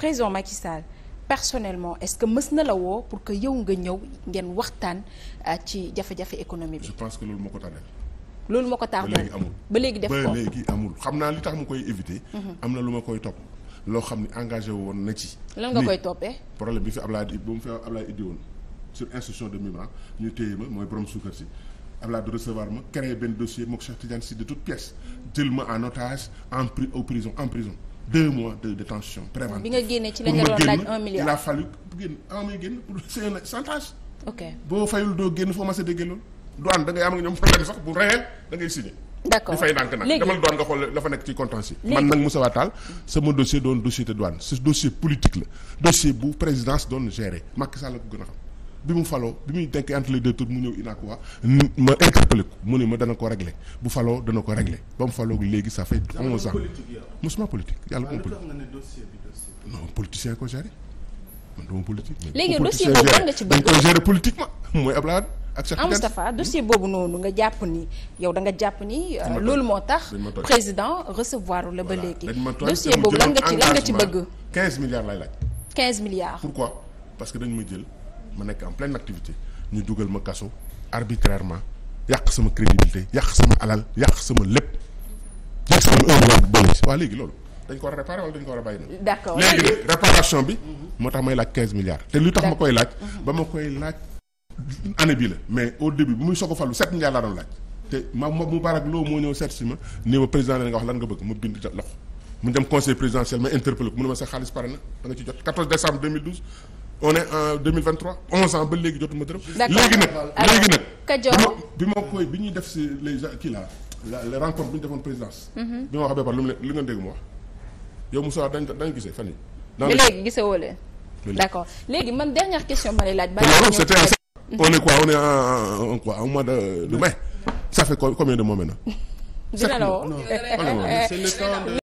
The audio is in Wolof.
président Macky Sall personnellement est-ce que mës na la woo pour que yow nga ñëw ngeen waxtaan euh, ci jafe-jafe économie bi. je pense que loolu moo ko tardé. loolu moo ko tardé ba léegi amul ba léegi def ko ba léegi amul xam naa li tax mu koy éviter. Mhm. am na lu ma koy topp. loo xam ne engagé woon na ci. lan nga koy toppee. problème bi fi Ablaye di bu mu fi Ablaye indi woon sur institution de Mimran ñu téye ma mooy borom suukar si Ablaye de recevoir ma créé en otage au prison en prison. deux mois de détention préventive. bi nga génne ci la nga doon laaj un million il a fallu génn un million génn pour c'est un chantage. ok boo fayul doo génn foo ma sa déggee loolu. douane da ngay am nga ñoom problème sax bu réel da ngay signé. d'accord dafay ndànk nag demal douane nga xool la fa nekk ci contentieux. man nag Moussa Watal sama dossier doon dossier de douane ce dossier politique la dossier bu présidence doon gérer Macky Sall la ko gën a xam. bi mu faloo bi muy tekki entre les deux tours mu ñëw inaakuwa ma interpellé ko mu ne ma dana ko réglé bu faloo dana ko réglé ba mu faloo léegi ça fait onze ans mosuma politique yàlla bu ma politique non politicien ko géré man dama politique léegi dossier boobu lan nga ci bëgg boobu noonu nga jàpp yow da nga jàpp ni euh, loolu moo tax président recevoir la ba léegi dossier boobu lan nga ci lan nga ci bëgg quinze milliards lay laaj quinze milliards pourquoi parce que dañ ma jël ma nekk en pleine activité ñu dugal ma kaso arbitrairement yàq sama crédibilité yàq sama alal yàq sama lépp yàq sama léegi loolu dañ ko war a réparer wala dañ ko war a bàyyi nag. d'accord léegi nag réparation bi. moo tax may laaj quinze milliards. te lu tax ma koy laaj. ba ma koy laaj année bi la mais au début bu muy soog a falu sept milliards laa doon laaj. te ma ma Moubarak Lo moo ñëw seet si ma ni président la nga wax lan nga bëgg ma bind loxo mu ne ma sa xaalis pare na da nga ci on est en 2023 11 ans ba léegi jotuma dërëm. léegi nag léegi nag. Kajoor bi ma koy bi ñuy def si les kii la la les rencontres bi ñu defoon présidence. Mhm. bi ma wax ba pare lu mu li nga dégg mu wax yow Moussa dañ dañ fan yi léegi gisewoo leen. d'accord léegi man dernière question ma lay laaj. balaa c'était mhm. on est quoi on est en quoi en mois de de mai. ça fait combien de mois maintenant. dina